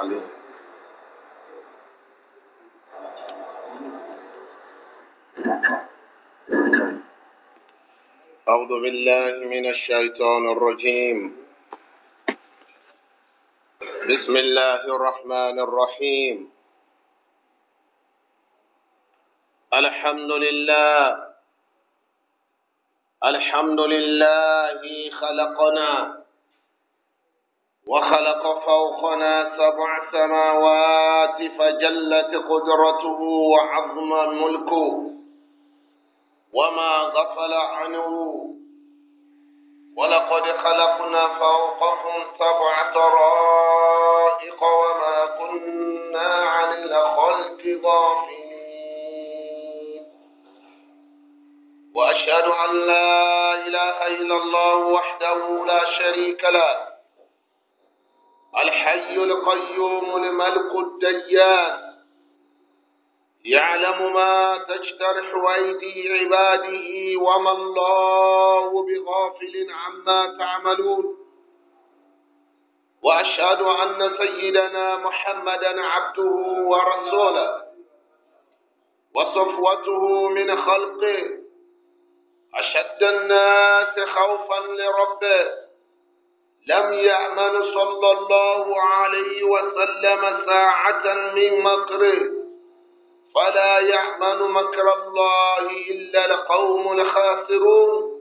عليهم أعوذ بالله من الشيطان الرجيم بسم الله الرحمن الرحيم الحمد لله الحمد لله خلقنا وخلق فوقنا سبع سماوات فجلت قدرته وعظم ملكه وما غفل عنه ولقد خلقنا فوقهم سبع طرائق وما كنا عن الخلق غافلين وأشهد أن لا إله إلا الله وحده لا شريك له الحي القيوم الملك الديان يعلم ما تجترح أيدي عباده وما الله بغافل عما تعملون وأشهد أن سيدنا محمدا عبده ورسوله وصفوته من خلقه أشد الناس خوفا لربه لم يأمن صلى الله عليه وسلم ساعة من مكره فلا يأمن مكر الله إلا القوم الخاسرون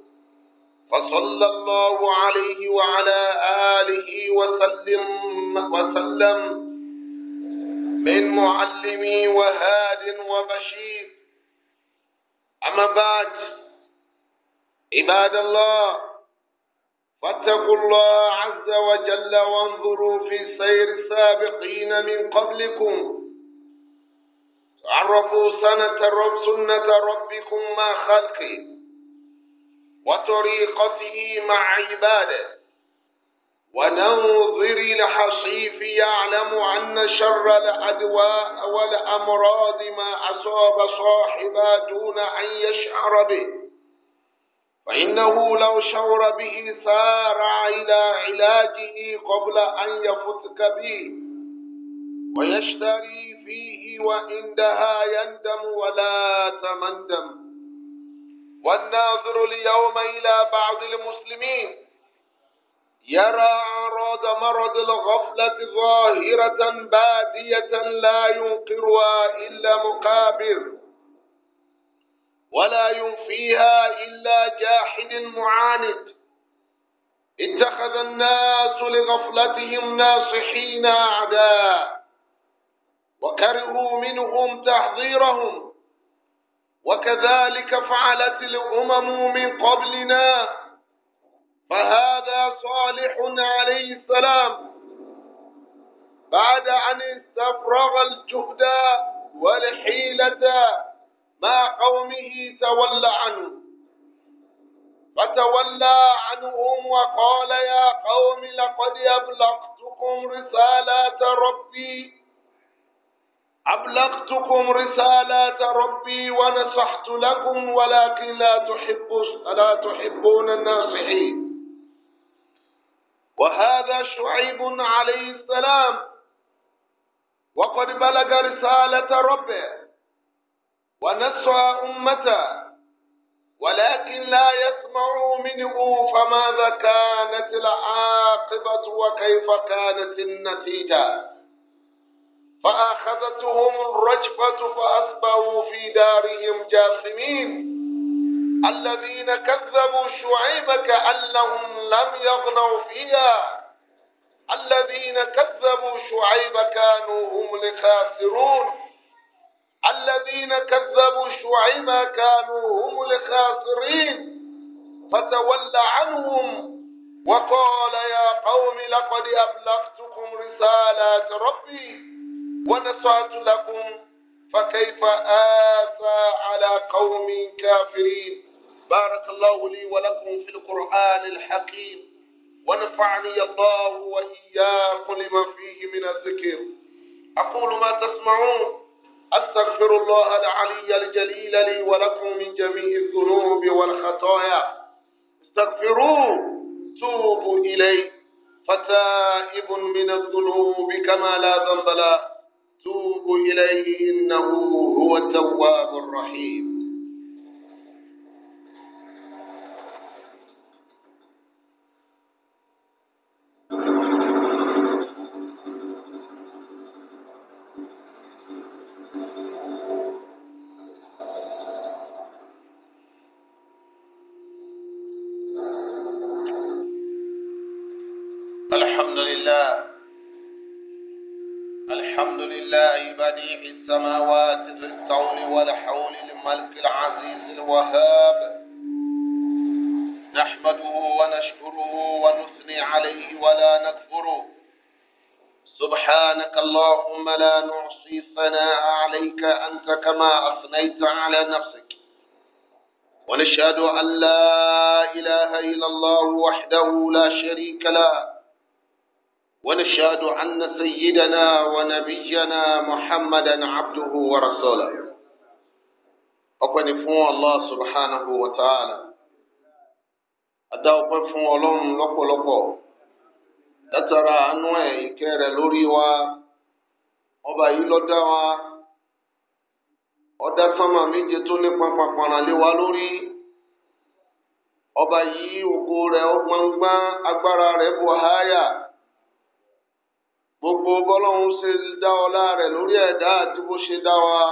فصلى الله عليه وعلى آله وسلم وسلم من معلمي وهاد وبشير أما بعد عباد الله فاتقوا الله عز وجل وانظروا في سير السابقين من قبلكم تعرفوا سنة رب سنة ربكم مع خلقه وطريقته مع عباده وننظر الحصيف يعلم أن شر الأدواء والأمراض ما أصاب صاحبا دون أن يشعر به فإنه لو شعر به سارع إلى علاجه قبل أن يفتك به ويشتري فيه وعندها يندم ولا تمندم والناظر اليوم إلى بعض المسلمين يرى أعراض مرض الغفلة ظاهرة بادية لا ينقرها إلا مقابر ولا ينفيها إلا جاحد معاند اتخذ الناس لغفلتهم ناصحين أعداء وكرهوا منهم تحذيرهم وكذلك فعلت الأمم من قبلنا فهذا صالح عليه السلام بعد أن استفرغ الجهد والحيلة مع قومه تولى عنه فتولى عنهم وقال يا قوم لقد أبلغتكم رسالات ربي أبلغتكم رسالات ربي ونصحت لكم ولكن لا تحبوا لا تحبون الناصحين وهذا شعيب عليه السلام وقد بلغ رسالة ربه ونسعى أمته ولكن لا يسمعوا منه فماذا كانت العاقبة وكيف كانت النتيجة فأخذتهم الرجفة فأصبحوا في دارهم جاثمين الذين كذبوا شعيب كأنهم لم يغنوا فيها الذين كذبوا شعيب كانوا هم الخاسرون الذين كذبوا شعيبا كانوا هم الخاسرين فتولى عنهم وقال يا قوم لقد أبلغتكم رسالات ربي ونصحت لكم فكيف آسى على قوم كافرين بارك الله لي ولكم في القرآن الحكيم ونفعني الله وإياكم لما فيه من الذكر أقول ما تسمعون أستغفر الله العلي الجليل لي ولكم من جميع الذنوب والخطايا استغفروه توبوا إليه فتائب من الذنوب كما لا ذنب له توبوا إليه إنه هو التواب الرحيم الطول والحول لملك العزيز الوهاب نحمده ونشكره ونثني عليه ولا نكفره سبحانك اللهم لا نعصي ثناء عليك أنت كما أثنيت على نفسك ونشهد أن لا إله إلا الله وحده لا شريك له ونشهد أن سيدنا ونبينا محمدا عبده ورسوله ọpẹ́ ni fún allah subhanahu wa ta'ala adá ọpẹ́ fún ọlọ́run lọ́pọ̀lọpọ̀ látara àánú ẹ̀ ìkẹ́ rẹ lórí wa ọba yìí lọ dá wa ọdá sánmà méje tó ní pampapara lé wa lórí ọba yìí ògo rẹ ọgbọngbọn agbára rẹ bụ háyà gbogbo bọ́lọ́run ṣe dá ọlá lórí àti bó ṣe dá wa.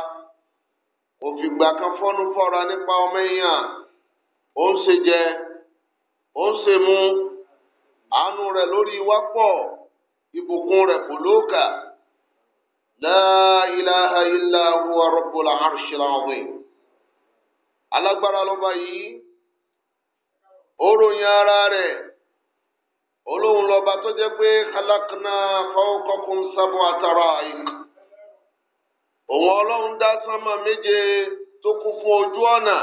òfìgbà kan fọ́nú fọ́ra nípa ọmọ èèyàn ó ń ṣe jẹ ó ń ṣe mu àánú rẹ lórí ìbùkún la ilaha illa huwa rabbul arshil azim alágbára lọba yìí ó ròyìn ara rẹ̀ olóhùn lọ́ba tó jẹ́ pé òun ọlọ́run dá sánmà méje tó kún fún ojú ọ̀nà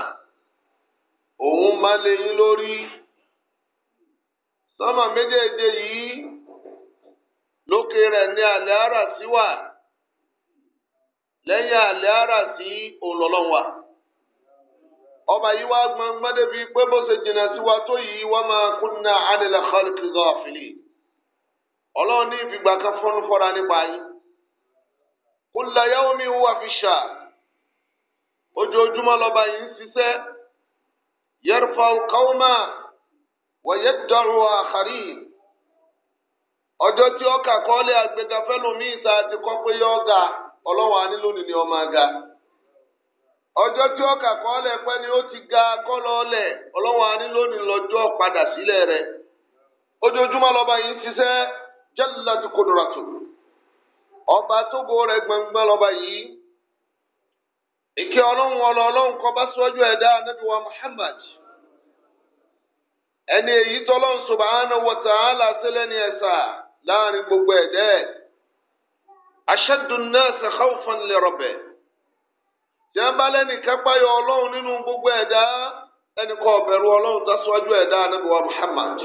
òun má lè yín lórí sánmà méjèèje yìí lókè rẹ̀ ní àlẹ́ ara sí wà lẹ́yìn àlẹ́ ara sí òǹlọ́lọ́run ọba yìí wá gbọ́ngbọ́n débi pé bó ṣe jìnnà wa tó yìí wọ́n máa ọlọ́run ní ìfìgbà kan fọ́nú fọ́ra nípa kulla yawmin huwa fi sha'n ojoojúmọ́ lọ́ba yìí ń ṣiṣẹ́ yarfa'u qawma wa yad'u akharin ọjọ́ tí ọkà kọ́lé àgbéga fẹ́lòmí ìta ti kọ́ pé yọ ọlọ́wọ́ ni ọmọ ti ga kọ́lọ́ọ̀lẹ̀ ọlọ́wọ́ àní lónìí lọ́jọ́ padà sílẹ̀ rẹ̀ ojoojúmọ́ lọ́ba yìí ń ṣiṣẹ́ ọba tó bo rẹ̀ gbangban lọ́ba yìí ike ọlọ́run ọlọ́run kó bá sọ́jú ẹ̀dá anábì wa Muhammad ẹni èyí tọ́lọ́run subhanahu wa ní ẹ̀sà láàrin gbogbo ẹ̀dẹ́ ashaddu nnasi khawfan ọlọ́run nínú gbogbo ẹ̀dá ẹni kọ́ ọ̀bẹ̀rù ọlọ́run tó ẹ̀dá wa Muhammad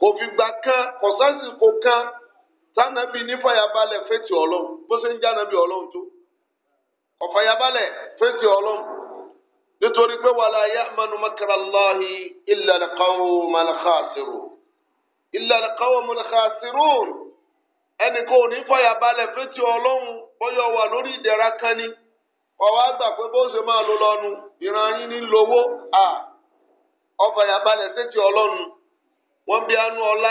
kò fi gbà kan tánàbí nífàyàbalẹ̀ fẹ́tì ọlọ́run bó ṣe njanabi jánàbí ọlọ́run tó ọ̀fàyàbalẹ̀ fẹ́tì ọlọ́run nítorí pé wala ya'manu makrallahi illa ila qawmul khasirun illa al-qawmul khasirun ẹnì kan ò wà lórí ìdẹ̀ra kan ni àgbà pé bó máa lo lọ́nu ìran yín ní lowó ọ̀fàyàbalẹ̀ fẹ́tì bí anú ọlá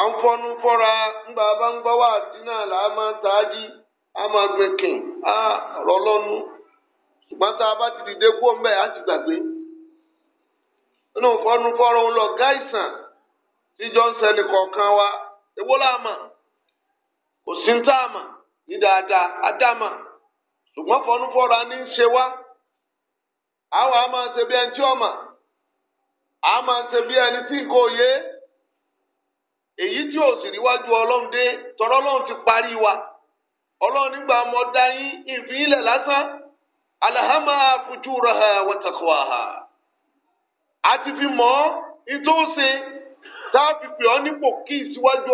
afọnụfọra mgbaba mgbawa àdínàlà amátaájí amagbẹ̀kìn á rọlọ́nu ṣùgbọ́n tá a bá ti dìde kú ọ̀nbẹ́ á ti gbàgbé nínú fọnúfọra òun lọ gáìsàn tí johnson kan wa la kò sí ń tá a mà ní dáadáa á dá mà ṣùgbọ́n fọnúfọra ní í ṣe wá àwọn a máa ṣe bí ẹni tí èyí tí ò sì níwájú ọlọ́run dé ọlọ́run ti parí wa ọlọ́run nígbà mọ́ dá yín ìfín lásán alahama fujuraha a ti fi mọ́ ìtòsí tá a fi pè ọ́ nípò kí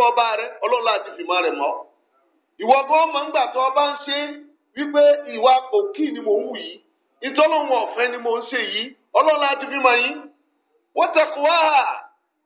ọba rẹ ọlọ́run láti fi má mọ́ ìwọ ọba ń ṣe wípé ìwà òkì ni mò ń wù yìí ìtọ́lọ́hún ọ̀fẹ́ ni mò ń ṣe yìí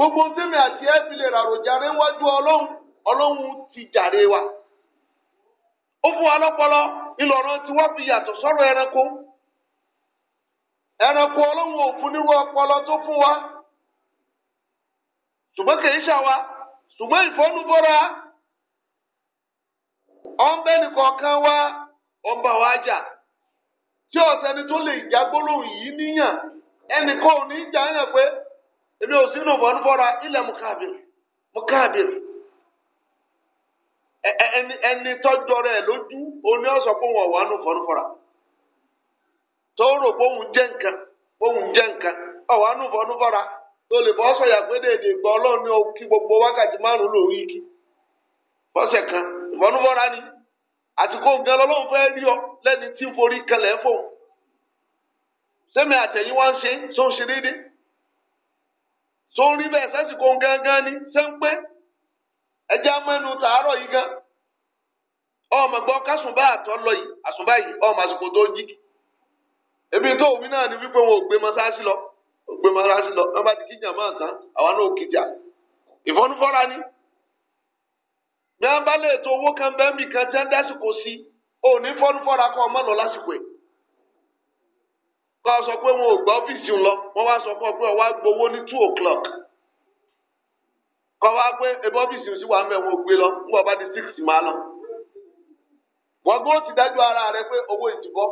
gbogbo tèmi àti ẹ fi lè ràrò jàre wájú ọlọ́run ọlọ́run ti jàre wa ó fún wa lọ́pọlọ ìlọ̀rọ̀ tí wọ́n fi yàtọ̀ sọ́rọ̀ ẹranko ẹranko ọlọ́run ò fún nírú ọpọlọ tó fún wa ṣùgbọ́n kì í ṣà wa ṣùgbọ́n ìfọ́nubọ́ra wa ọba wa jà tí tó èmi ò sínú bọ̀ ní bọ́ra ilẹ̀ mukabir mukabir ẹni ẹni tọ́jọ́ rẹ̀ lójú oní ọ̀sọ̀ pé wọn wà nù fọ́nfọ́ra tó rò pé òun jẹ́ nǹkan òun jẹ́ gbogbo wákàtí márùn-ún lòrí kí bọ́sẹ̀ kan ọ lẹ́ni tí ń forí kalẹ̀ fò tó ń rí bẹ́ẹ̀ sásìkò gángan ni ṣé ń ẹja mẹ́nu tàárọ̀ yìí gan ọmọ gbọ́ kásùnbá àtọ́ lọ yìí àsùnbá yìí ọmọ àsìkò tó jí ebi tó òwí náà ni wípé wọn ò gbé mọ́sáàsì lọ ò gbé mọ́sáàsì lọ wọn bá ti kíjà máa tán àwa náà ò kíjà ìfọ́nufọ́ra ni bí wọn bá lè kọ́ sọ pé wọn ò gbọ́ ọ́fíìsì ńlọ wọ́n wá sọ fún ọ pé ọ wá gbowó ní two o'clock kọ́ wá pé ebi ọ́fíìsì sí wa mẹ́wọ́n gbé lọ ń bọ̀ bá di six máa lọ. wọ́n gbọ́ ti dájú ara rẹ pé owó ìdìbọ́.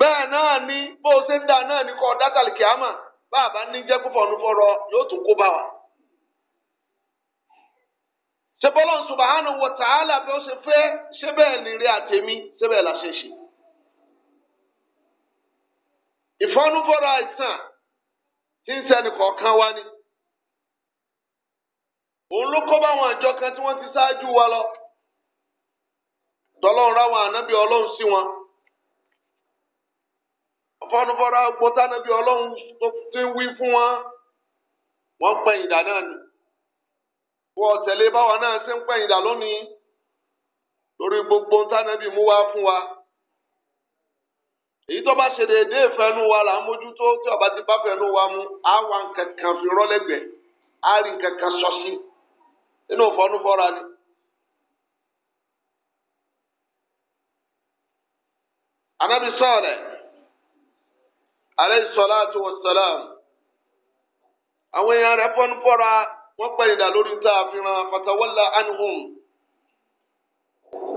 bẹ́ẹ̀ náà ni bó o ṣe ń dà náà ni kọ́ dátàlì kìámà bá a bá ní jẹ́ púpọ̀ ọ̀nù fọ́rọ̀ yóò tún kó bá wa. ṣe bọ́lá subhanahu wa ta'ala bí ó ṣe fẹ́ ṣé bẹ́ẹ̀ nìrẹ́ àtẹ̀mí ṣé bẹ́ẹ̀ la ṣe ṣe ìfọnúfọ̀rọ̀ àìsàn tí ń sẹ́ni kọ̀ọ̀kan wá ní. òun ló kọ́ báwọn àjọ kan tí wọ́n ti ṣáájú wa lọ. tọ́lọ́run ráwọn ànábì ọlọ́run sí wọn. ìfọnúfọ̀rọ̀ àgbọ̀tá ànábì ọlọ́run tó ti ń wí fún wọn. wọ́n pẹ̀yìn dà náà nù. wọ́n tẹ̀lé báwa náà ṣe ń pẹ̀yìn dà lónìí. lórí gbogbo tánábì mú wá Fún wa. èyí tó se ṣe déédé ìfẹ́nu wa là ń mójútó tí ọba ti bá fẹ́nu wa mu á wa nǹkan ari fi rọ́lẹ́gbẹ̀ẹ́ á rí nǹkan kan inú ìfọ́nú fọ́ra ni. anabi sọọlẹ aleyhi sọláàtú wasalaam àwọn èèyàn rẹ̀ fọ́nú fọ́ra wọ́n pẹ̀yìndà lórí tá a fi ràn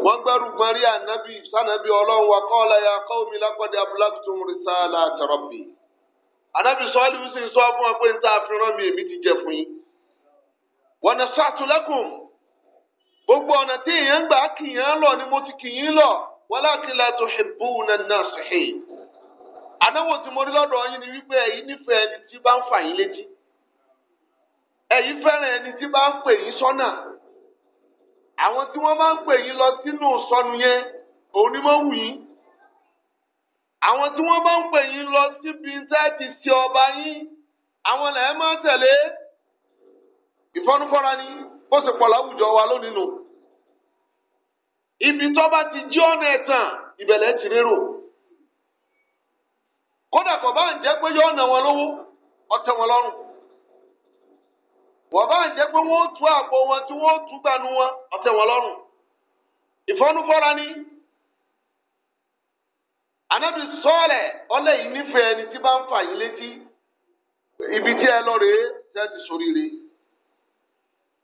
wọn gbẹ́rù gbẹ́rí ànábì sànábì ọlọ́run wa kọ́ọ̀lá ya qaumi laqad ablaghtum risalata rabbi. ànábì sọ́ọ́lù sì sọ fún wọn pé níta àfihàn mi èmi ti jẹ fún yín. wa nasahtu lakum gbogbo ọ̀nà tí èèyàn gbà kìyàn lọ ni mo ti kìyìn lọ ànáwó tí mo rí lọ́dọ̀ ni wípé nífẹ̀ẹ́ ẹni tí bá ń fà yín létí fẹ́ràn ẹni tí bá ń àwọn tí wọ́n máa ń pè yín lọ sínú sọnù yẹn òun ni wọ́n wù yín àwọn tí wọ́n máa ń pè yín lọ síbi sẹ́ẹ̀tì sí ọba yín àwọn lẹ́ẹ̀ máa tẹ̀lé ìfọ́nufọ́ra ni bó ṣe pọ̀ láwùjọ wa lónìí nù ibi tó bá ti jí ọ̀nà ẹ̀tàn ìbẹ̀lẹ̀ ti rérò kódà kò bá ń jẹ́ pé yọ ọ̀nà wọn lówó ọ̀tẹ̀ wọn lọ́rùn. wọ́n bá ń jẹ́ pé wọ́n tú àpò wọn tí wọ́n tú gbanú wọn ọ̀tẹ̀ wọn yìí nífẹ̀ẹ́ ẹni tí bá ń fà yín létí ibi tí ẹ lọ rèé tẹ́ ti sóríire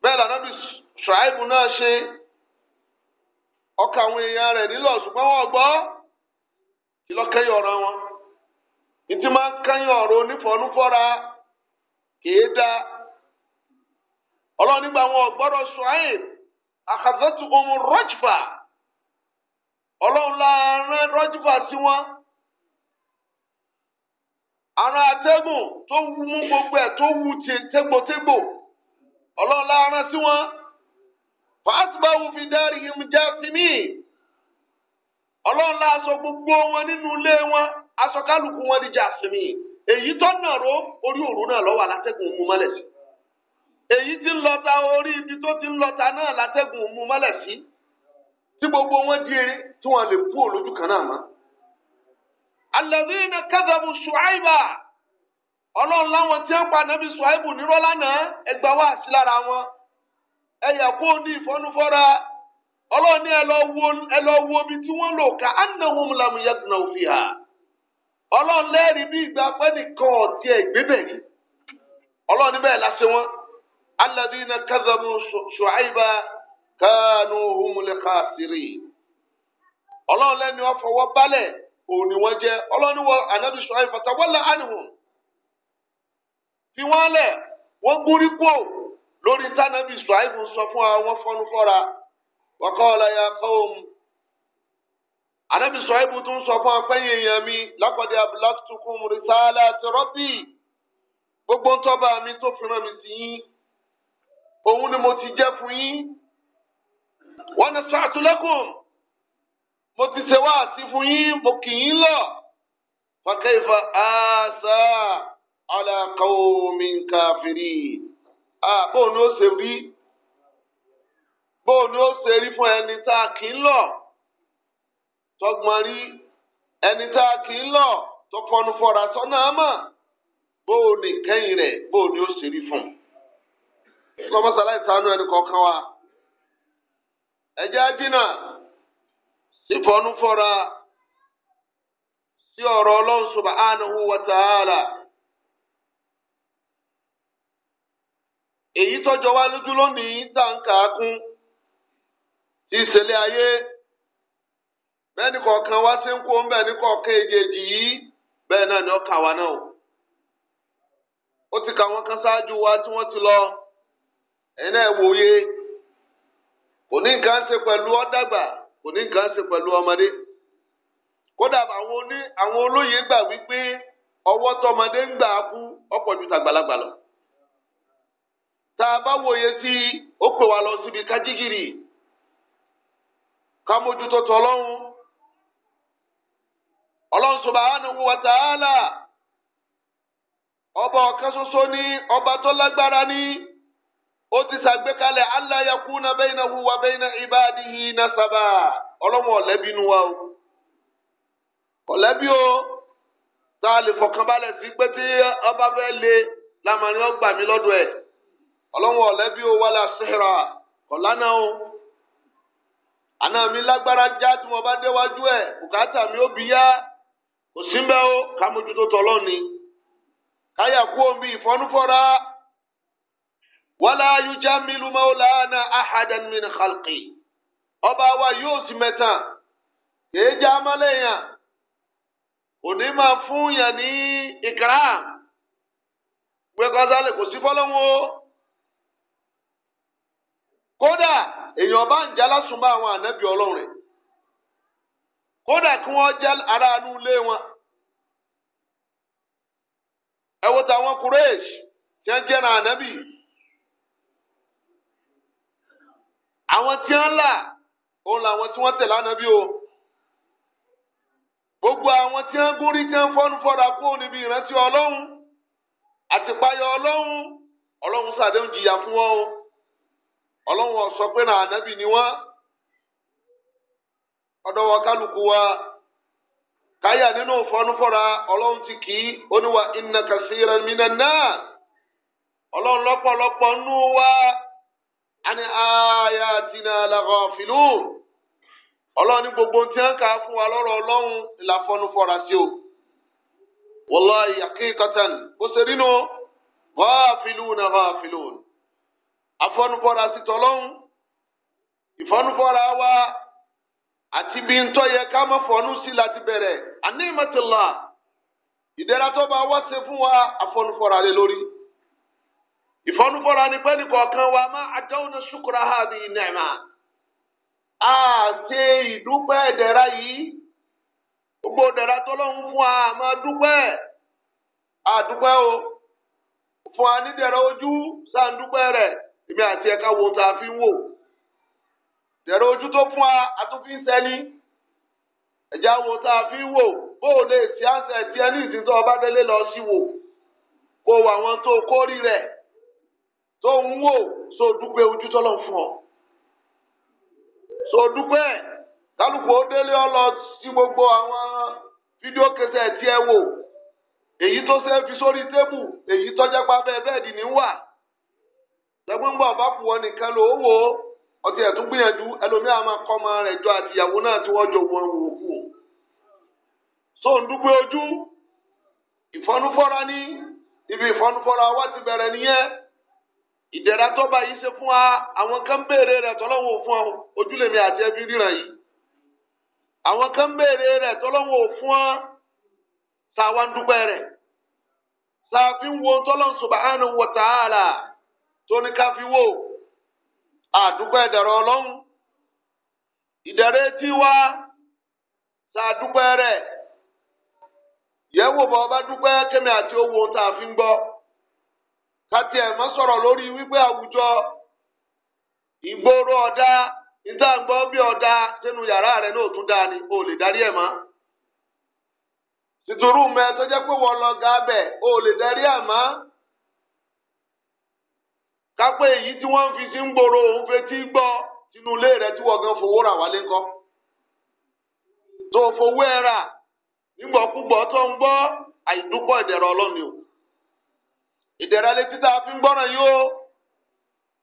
bẹ́ẹ̀ náà ṣe ọkà àwọn èèyàn rẹ̀ nílò wọn gbọ́ ọ̀rọ̀ wọn ìtì máa ń kẹ́yìn ọ̀rọ̀ ọlọ́run nígbà wọn gbọ́dọ̀ ṣùáìb àkàtúntò ohun rọ́jùbà ọlọ́run láàárín rọ́jùbà sí wọn ara atẹ́gùn tó mú gbogbo ẹ̀ tó wù tégbòtégbò ọlọ́run láàárín sí wọn fàásùbáwù fi dárí ìhun já sí mí ọlọ́run láàṣọ gbogbo wọn nínú ilé wọn aṣọ kálukú wọn di sí mí èyí tó nàró orí òru náà lọ́wọ́ alátẹ́gùn mú mọ́lẹ̀ sí èyí tí ń lọta orí ibi tó ti ń lọta náà látẹ́gùn mú mọ́lẹ̀ sí tí gbogbo wọn di eré tí wọn lè kú olójú kan náà mọ́. alladhina kadhabu ṣùáìbà ọlọ́run láwọn tí wọ́n pa nàbí ṣùáìbù nírọ́ lánàá ẹgbà wá sí lára wọn ẹ̀yà kó ní ọlọ́run ní ẹ lọ wo omi tí wọ́n lò ká ọlọ́run lẹ́rìí bí ìgbà pẹ́ nìkan الذين كذبوا شعيبا كانوا هم الخاسرين ọlọ́run lẹ́ni wọ́n fọwọ́ balẹ̀ òní wọ́n wọ ànábì ṣùgbọ́n ìfọ̀tàwọ́lá ànihùn fi wọ́n lẹ̀ wọ́n gúnrí kó lórí tánàbì ṣùgbọ́n sọ fún àwọn fọnú fọ́ra wọ́kọ́ọ̀lá ya kọọm anabi ṣùgbọ́n tún sọ fún apẹ́yìn èèyàn mi lápàdé abúlá tuntun àti gbogbo mi tó mi sí yín. òun ni mo ti jẹ́ fún yín wọ́n ní sàtúlẹ́kùn mo ti ṣe wáàsí fún yín mo kì í lọ fàkẹ́fà àṣà alákàómi káfírí bóun ni ó ṣe rí bóun ni ó ṣe rí fún ẹni tá a kì í lọ tọgbọ́n rí ẹni tá a kì í lọ tọfọnufọra sọnà àmọ́ bóun ni kẹ́yìn rẹ̀ bóun ni ó ṣe rí fún un. kọ́mọ́sálá ìsánú ẹni kọ̀ọ̀kan wa ẹ̀jẹ̀ ajínà sífọ́nú fọ́ra sí ọ̀rọ̀ ọlọ́run subhanahu wa ta'ala. èyí tọ́jọ́ wá lójú lónìí dáńkà ti ayé bẹ́ẹ̀ni kọ̀ọ̀kan wá sí kó ń bẹ́ẹ̀ni kọ̀ọ̀kan yìí bẹ́ẹ̀ náà ni náà ẹ̀yin náà wò yé kò ní nǹkan ṣe pẹ̀lú ọ̀dàgbà kò ṣe pẹ̀lú ọmọdé kódà àwọn oní àwọn olóyè gbà wípé ọwọ́ tọmọdé ń gbà kú ọ̀pọ̀ ju tàgbàlagbà lọ tá a bá wòye sí i ó pè wá lọ síbi kájígìrì tọlọ́hún ọlọ́run ta'ala ọba ọ̀kan soso ní ọba tó lágbára ní. ó ti ṣàgbékalẹ̀ aláyakúnà bẹ́ẹ̀nà wúwa bẹ́ẹ̀nà ìbáàdìhì iná sábà ọlọ́wọ́n ọ̀lẹ́bí nu wa o ọ̀lẹ́bí o tá a lè fọkànbalẹ̀ sí pé tí ọba fẹ́ le lamani ọgbà mi lọ́dọ̀ ẹ̀ ọ̀lẹ́bí o wà lásìrà ọ̀lànà o mi lágbára já tí mo bá déwájú ẹ̀ bùkátà mi ó bí yá kò sí mbẹ́ o tọ́lọ́ ni káyà kú omi wala yujamilu maulana ahadan min khalqi ọba wa yóò sì mẹta kéèjà fún yàn ní ìkàrà gbẹgbẹsálẹ kò sí fọlọ́wọ́ kódà èèyàn bá ń jalá súnmọ́ àwọn ànábì ọlọ́run rẹ, kódà kí wọn jẹ́ ara inú ilé wọn ẹ wo tàwọn kúrẹ́ẹ̀sì tí jẹ́ ànábì yìí. àwọn tí wọ́n là òun làwọn tí wọ́n tẹ̀lé ànábì o gbogbo àwọn tí wọ́n gúnrí tí wọ́n fọ́nú fọ́ra kú níbi ìrántí ọlọ́run àtìpáyọ ọlọ́run ọlọ́run sàdéhùn jìyà fún wọn o ọlọ́run ọ̀sọ́ pé náà ànábì ni wọ́n ọdọwọ kálukú wa káyà nínú ti kì í oníwà inna kasiran nù ayatina laghafilun ọlọ́run ní gbogbo tí wọ́n kà á fún wa lọ́rọ̀ ọlọ́run ìlàfọ́nù fọ́ra sí o wallahi haqiqatan bó ṣe rí nu ghafiluna ghafilun àfọ́nufọ́ra sí tọ́lọ́run ìfọ́nufọ́ra wa àti bí ń tọ́ yẹ ká má fọ́nú sí láti bẹ̀rẹ̀ àní ìmọ̀tìlá ìdẹ́ra tó bá wá ṣe fún wa àfọ́nufọ́ra lé lórí ìfọnúfọ́ra ni pẹ́ẹ́nì kọ̀ọ̀kan wa máa àjọwọ́nà ṣùkúrà ha ní ìnẹ̀mà á ṣe ìdúpẹ́ ẹ̀dẹ̀ra yìí gbogbo ẹ̀dẹ̀ra tọ́lọ́hún fún wa máa dúpẹ́ àdúpẹ́ o fún wa nídẹ̀ra ojú sáà ń dúpẹ́ rẹ̀ èmi àti ẹ̀ka wo tá a fi ń wò dẹ̀rọ ojú tó fún wa àtúnfin ẹ̀já wo tá a fi ń wò bó o lè ṣe àṣẹ díẹ̀ ní ìsìn tó lọ sí wò kó o àwọn tó kórìí rẹ̀. so ń wò so dúpẹ́ ojú tọ́lọ̀ fún ọ so dúpẹ́ kálukú ó délé ọ lọ sí gbogbo àwọn fídíò kẹsẹ̀ tí ẹ wò èyí tó ṣe fi sórí tébù èyí tọ́jà pa bẹ́ẹ̀ bẹ́ẹ̀ dì ní wà lẹ́gbẹ̀ngbà fún wọn nìkan ló wò ó ọtí ẹ̀ tún gbìyànjú ẹlòmíà máa kọ́ ọmọ rẹ̀ jọ àtìyàwó náà tí ibi ìfọnúfọ́ra ti bẹ̀rẹ̀ nìyẹn. ìdẹ̀ra tọ́ba yìí ṣe fún wa àwọn kan béèrè rẹ̀ tọ́lọ́wọ́ fún ọ ojúlèmi àti ẹbí ríran yìí àwọn kan béèrè rẹ̀ tọ́lọ́wọ́ fún ọ sàwa ń dúpẹ́ rẹ̀ sàfin wo tọ́lọ́n subhanahu wa ta'ala tóní káfí wò àdúpẹ́ ìdẹ̀rọ̀ ọlọ́run ìdẹ̀rẹ̀ tí wá sàdúpẹ́ rẹ̀ yẹ wò bọ́ ọba dúpẹ́ kémi àti owó tá gbọ́. káti eme sọrọ lori lórí wípé àwùjọ ìgboro ọ̀dá níta ń gbọ́ bí ọ̀dá sínú yàrá o lè darí ẹ̀ mọ́. mẹ tó pé wọn lọ ga o lè darí ẹ̀ Ka kápẹ́ èyí tí wọn n fi sí ń gboro òun fetí gbọ́ sínú ilé rẹ̀ tí To gan fowó rà wálé ńkọ́. tó fowó rà tó o. ìdẹ̀ra létí tá a fi ń gbọ́ràn yìí o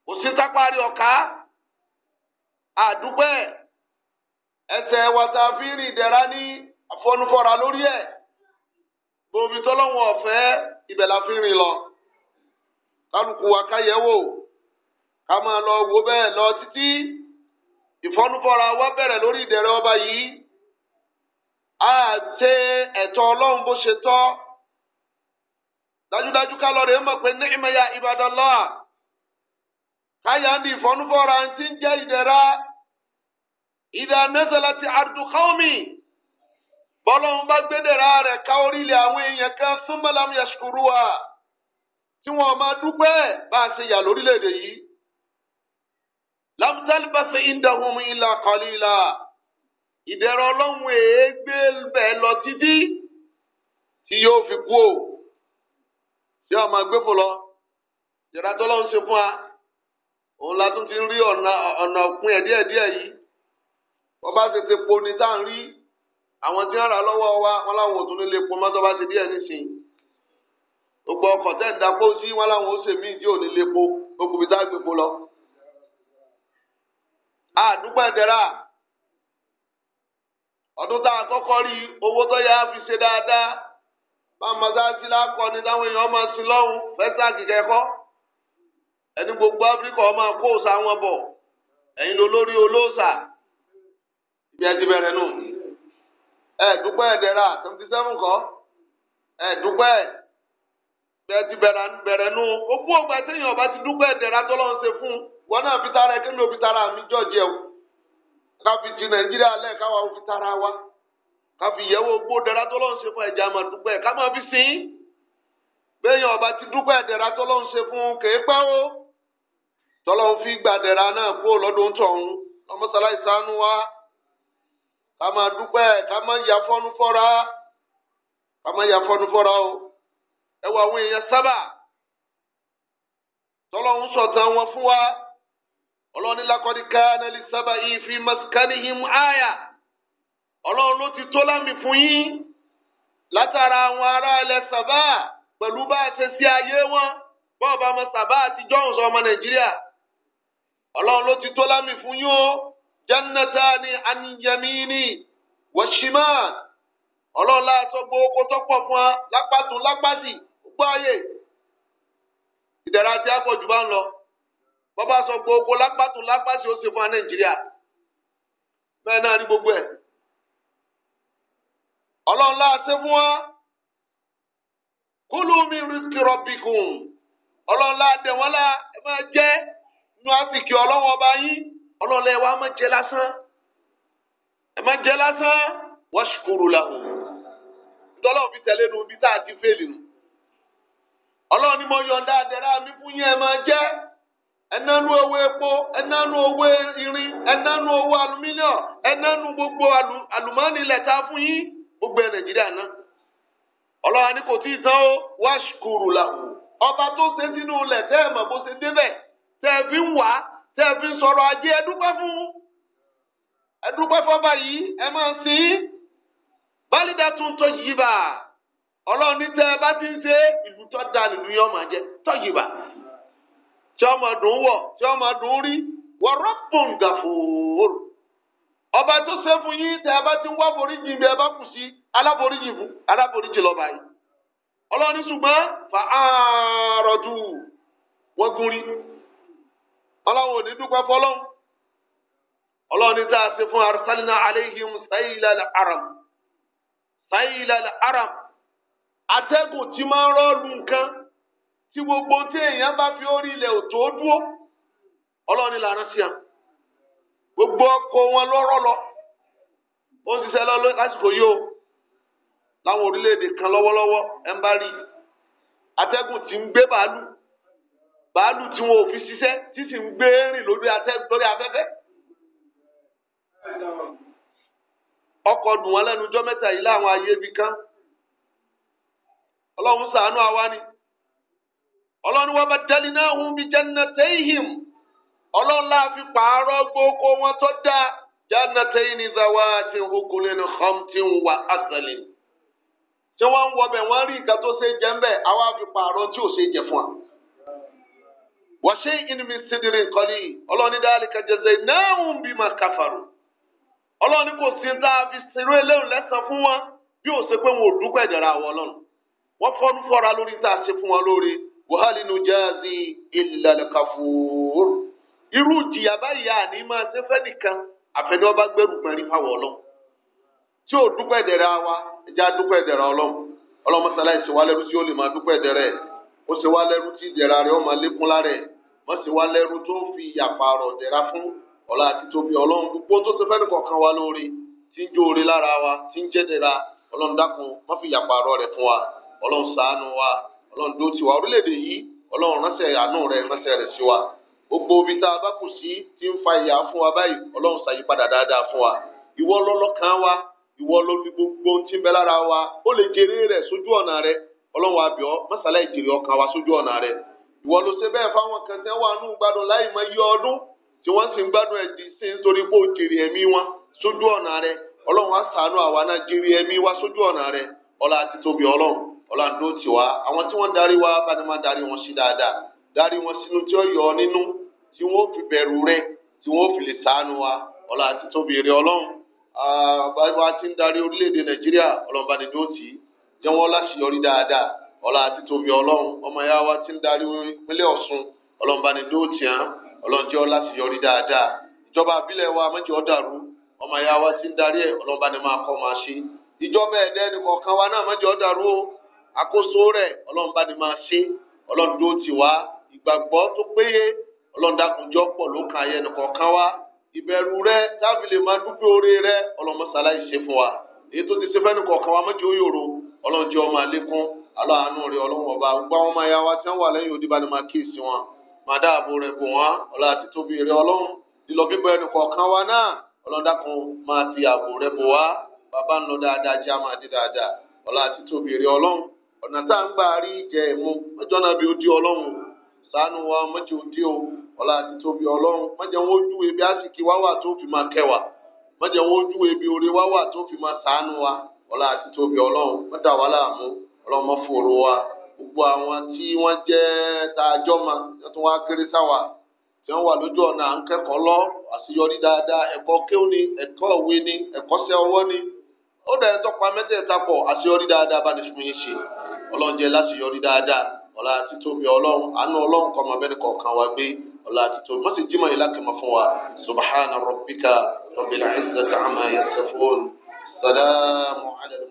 kò sí tápárí ọ̀ká àdúpẹ́ ẹsẹ̀ wàtá fi ń rìn ìdẹ̀ra ní àfọnufọ́ra lórí ẹ̀ gbòmí tọ́lọ́wọ́n ọ̀fẹ́ ibẹ̀ la fi ń rìn lọ kálukú wa ká wò ká máa lọ wò bẹ́ẹ̀ lọ títí ìfọnufọ́ra wa bẹ̀rẹ̀ lórí ìdẹ̀ra ọba yìí a ṣe ẹ̀tọ́ ọlọ́run bó ṣe tọ́ dájúdájú ká lọ rè é mọ̀ pé ní ìmẹ̀yà ìbádọ́lá káyà ń di ìfọ̀nùfọ̀ra ti ń jẹ́ ìdẹ̀ra ìdá nẹ́sẹ̀lá ti àdùkáwọ́mì bọ́lọ́hún bá gbẹ́dẹ̀ra rẹ̀ ká orílẹ̀ àwọn èèyàn kan súnmọ́lámù yẹ̀ṣukuru wa tí wọ́n máa dúpẹ́ bá a ṣe yà lórílẹ̀‐èdè yìí lamtali bàtà ìdáhùn ìlà kọ́lílà ìdẹ̀rọ̀ ọlọ́run èé gbé bẹ́ẹ̀ lọ títí tí yóò fi kú o tí ọmọ gbẹ́fò lọ yàrá tó lọ́n ṣe fún wa òun la tún ti rí ọ̀nà ọ̀nà òpin ẹ̀ yìí wọ́n bá tètè po ni tá à ń rí àwọn tí wọ́n rà lọ́wọ́ wa wọn láwọn ò tún ní lè po mọ́ tó bá ti díẹ̀ nísìnyí gbogbo ọkọ̀ tẹ̀ ń dapò sí wọn láwọn ó sèmí ìdí òní lè po gbogbo ibi tá a gbèpo lọ àdúgbò ẹ̀dẹ̀rà ọdún tá a kọ́kọ́ rí owó tó yá fi ṣe dáadáa mọ́sálásí lákọ ni táwọn èèyàn máa sin lọ́hùn fẹ́sà kìkẹ́ kọ́ ẹni gbogbo áfíríkà ọmọ kó òòsà wọn bọ̀ ẹ̀yin lolórí olóòsà ibi ẹ ti bẹ̀rẹ̀ nù ẹ dúpẹ́ ẹ̀dẹ́ra seventy seven kọ́ ẹ dúpẹ́ ẹ ti bẹ̀rẹ̀ nù ogún ọgbà téèyàn ọba ti dúpẹ́ ẹ̀dẹ́ra tó lọ́n ṣe fún wọn náà fi tara ẹ kémi òfi tara mi jọ̀ọ́jẹ́ o ká nàìjíríà lẹ́ẹ̀ káwa òfi tara wa. káfi ìyẹ́wò gbó dara tó lọ́n ṣe fún ẹ̀jẹ̀ àmọ̀ dúpẹ́ ká máa fi sìn bẹ́ẹ̀yàn ọba ti dúpẹ́ dẹ̀ra tó lọ́n ṣe fún kéèpẹ́ o tọ́lọ́n fi gba dẹ̀ra náà kó lọ́dún tọ̀hún ọmọsálàì sánú wa ká dúpẹ́ ká ya fọ́nú fọ́ra ká ya fọ́nú fọ́ra o ẹ wọ àwọn èèyàn sábà tọ́lọ́hún sọ̀tàn wọn fún wa ká sábà ọlọ́run ló ti tó lámì fún yín látara àwọn ará ilẹ̀ sábà pẹ̀lú bá a ṣe sí ayé wọn bọ́ọ̀bù ọmọ sábà àti jọ́hùn sọ ọmọ nàìjíríà ọlọ́run ló ti tó lámì fún yín o jẹ́nẹ́tà ni aniyamini wọ̀ṣímà ọlọ́run láàṣọ gbogbo tó pọ̀ fún wa lápàtún lápàtì gbọ́ ayé ìdẹ̀ra tí a bá ń lọ bọ́bá sọ gbogbo lápàtún lápàtì ó sì fún wa nàìjíríà bẹ́ẹ̀ náà ní gbogbo ẹ̀. ọlọ́ọ̀lá ṣe fún wa kúlù mi rìsíkì rọ̀bìkùn ọlọ́ọ̀lá dẹ̀wọ́lá ẹ máa jẹ́ nu àfikì ọlọ́wọ́ ọba yín ọlọ́ọ̀lá ẹ wá máa jẹ lásán ẹ máa jẹ lásán fi tẹ̀lé nu tá a ti fèlè nù ọlọ́ọ̀ ni mo yọ̀ǹda mi fún yín ẹ máa jẹ́ owó epo gbogbo lẹ́ta fún yín. gbogbo nàìjíríà náà ọlọ́wà ní kò tí ì san ó wáṣíkùrù làwù ọba tó ṣe sínú ilẹ̀ tẹ́ mọ̀ bó ṣe débẹ̀ tẹ́ ẹ fi ń wá tẹ́ ẹ fi ń sọ̀rọ̀ ajé ẹ fún ẹ fọ́ba yìí ẹ máa bálídà tún yìí ọba tó ṣe fún yín tẹ ẹ bá ti ń wá foríjì bí ẹ bá kù sí aláforíjì fún aláforíjì lọ́ba yìí ọlọ́run ṣùgbọ́n fà á rọ̀jù wọ́n gún rí ò ní dúpẹ́ fọlọ́run ọlọ́run ní sáà ṣe fún arsalina aleihim sayila aram sayila aram atẹ́gùn tí máa ń rọ́ọ̀lù nǹkan tí gbogbo tí èèyàn bá fi orí ilẹ̀ òtó dúró ọlọ́run ní sí àwọn gbogbo ọkọ̀ wọn lọ́rọ̀ lọ ó ń ṣiṣẹ́ lọ lásìkò yìí o láwọn orílẹ̀-èdè kan lọ́wọ́lọ́wọ́ ẹ̀ ń bá rí atẹ́gùn tí ń gbé bàálù bàálù tí wọn ò fi ṣiṣẹ́ tí sì ń gbé rìn lórí afẹ́fẹ́ ọkọ̀ dùn wọn lẹ́nu ọjọ́ mẹ́ta yìí láwọn ayé ibi kan ọlọ́run ṣàánú àwa ni ọlọ́run wa bá dálí náà hùn bí jannatayhim ọlọ́lá fi pààrọ̀ gbókó wọn tó dá jannatayni zawati ukulin khamtin wa asalin tí wọ́n ń wọbẹ̀ wọ́n rí nǹkan tó ṣe jẹ́ ńbẹ̀ àwa fi pààrọ̀ tí ò ṣe jẹ fún wa. wa shay'in min sidrin qalil ọlọ́ọ̀ni dhalika jazaynahum bima kafaru ọlọ́ọ̀ni kò sí dá a fi ṣerú eléyìí lẹ́sàn fún wọn bí ó ṣe pé wọn ò dúpẹ́ ìdára àwọn ọlọ́run wọ́n fọ́nú fọ́ra irú ìjìyà báyìí àní máa ṣe fẹ́ nìkan ọba gbẹrù gbẹrin fáwọn ọlọ́run tí ò dúpẹ́ wa ẹja dúpẹ́ ìdẹ̀rẹ̀ ọlọ́run ọlọ́run mọ́sálá ìṣe wa lẹ́rú tí ó lè máa dúpẹ́ ìdẹ̀rẹ̀ ó ṣe wá lẹ́rú tí ìdẹ̀ra rẹ̀ lékún wọ́n fi àpàrọ̀ ìdẹ̀ra fún ọ̀la àti tóbi ọlọ́run gbogbo tó ṣe fẹ́ẹ́ kọ̀ọ̀kan wa lóore tí ń jó oore lára wa tí ń jẹ́dẹ̀ra ọlọ́run dákun wọ́n fi àpàrọ̀ rẹ̀ fún wa ọlọ́run wa ọlọ́run dó wa gbogbo ibi tá a bá kù sí ti ń fa ìyà fún wa báyìí ọlọ́run ṣàyípadà dáadáa fún wa ìwọ lọ́lọ́kàn wa ìwọ ló fi gbogbo ohun tí ń bẹ lára wa ó lè jèrè rẹ sójú ọ̀nà rẹ ọlọ́run àbíọ́ mọ́sálá ìjèrè ọkàn wa sójú ọ̀nà rẹ ìwọ ló ṣe bẹ́ẹ̀ fáwọn wà gbádùn láì mọ iye ọdún tí wọ́n sì ń gbádùn sí pé ó jèrè ẹ̀mí wọn sójú ọ̀nà ọlọ́run á wa sójú ọ̀nà rẹ ọlá àti tóbi ọlọ́run ọlá ń dó tiwa àwọn wa tí wọ́n fi bẹ̀rù rẹ tí wọ́n fi lè ṣàánú wa ọlọ àti tóbi rẹ Ọlọ́run báwa ti ń darí orílẹ̀-èdè Nàìjíríà Ọlọ́run bá ní dúró tì í láṣeyọrí dáadáa ọlọ àti tóbi Ọlọ́run ọmọ ya wa ti ń darí ìpínlẹ̀ Ọ̀ṣun Ọlọ́run bá ní dúró tì án Ọlọ́run jẹ́ wọ́n láṣeyọrí dáadáa ìjọba àbílẹ̀ wa mẹ́jọ dàrú ọmọ ya wa ti ń darí ẹ̀ Ọlọ́run bá ní máa kọ́ máa ṣe ìjọba ẹ̀dẹ́ nìkọ̀ọ̀kan wa náà mẹ́jọ dàrú o àkóso rẹ̀ Ọlọ́run bá ní máa ṣe Ọlọ́run dúró tì wá ìgbàgbọ́ tó péye ọlọ́dàkùnjọ́ pọ̀ ló kan ayé ẹnì kọ̀ọ̀kan wa ìbẹ̀rù rẹ táàbì lè máa dúpẹ́ oore rẹ ọlọ́mọsálá yìí ṣe fún wa èyí tó ti ṣe fẹ́ kọ̀ọ̀kan wa mọ́jọ́ yòrò ọlọ́njẹ́ ọmọ àlékún alọ́ àánú rẹ ọba gbogbo àwọn ọmọ wa, tí wọ́n wà lẹ́yìn òdìbá ni máa kíyèsí wọn máa dáàbò rẹ bò ọlọ́ àti tóbi rẹ wa náà ti ma ọlọ́ ọlá àti tóbi ọlọ́run mọ̀jẹ̀ wọn ojú ebi àsìkí wá wà tó fi máa kẹ́ wa mọ̀jẹ̀ wọn ojú ebi oore wá wà tó fi máa sàánú wa ọlá àti tóbi ọlọ́run mọ̀tà wà láàmú ọlọ́run mọ̀ fòrò wa gbogbo àwọn tí wọ́n jẹ́ tààjọ́ ma wọ́n tún wá kéré sáwà tí wọ́n wà lójú ọ̀nà à ń kẹ́kọ̀ọ́ lọ àṣeyọrí dáadáa ẹ̀kọ́ kéwù ni ẹ̀kọ́ òwe ni ẹ̀kọ́ṣẹ́ ọwọ́ ni ó dẹ̀ tọ́pa mẹ́tẹ̀ẹ̀ta pọ̀ àṣeyọrí dáadáa bá ní fún yín ṣe ọlọ́run jẹ́ láṣeyọrí dáadáa ọ̀la àti ọlọ́run àánú ọlọ́run kọ́ ọmọ abẹ́ni kọ̀ọ̀kan gbé سبحان ربك رب العزة عما يصفون سلام على المسلمين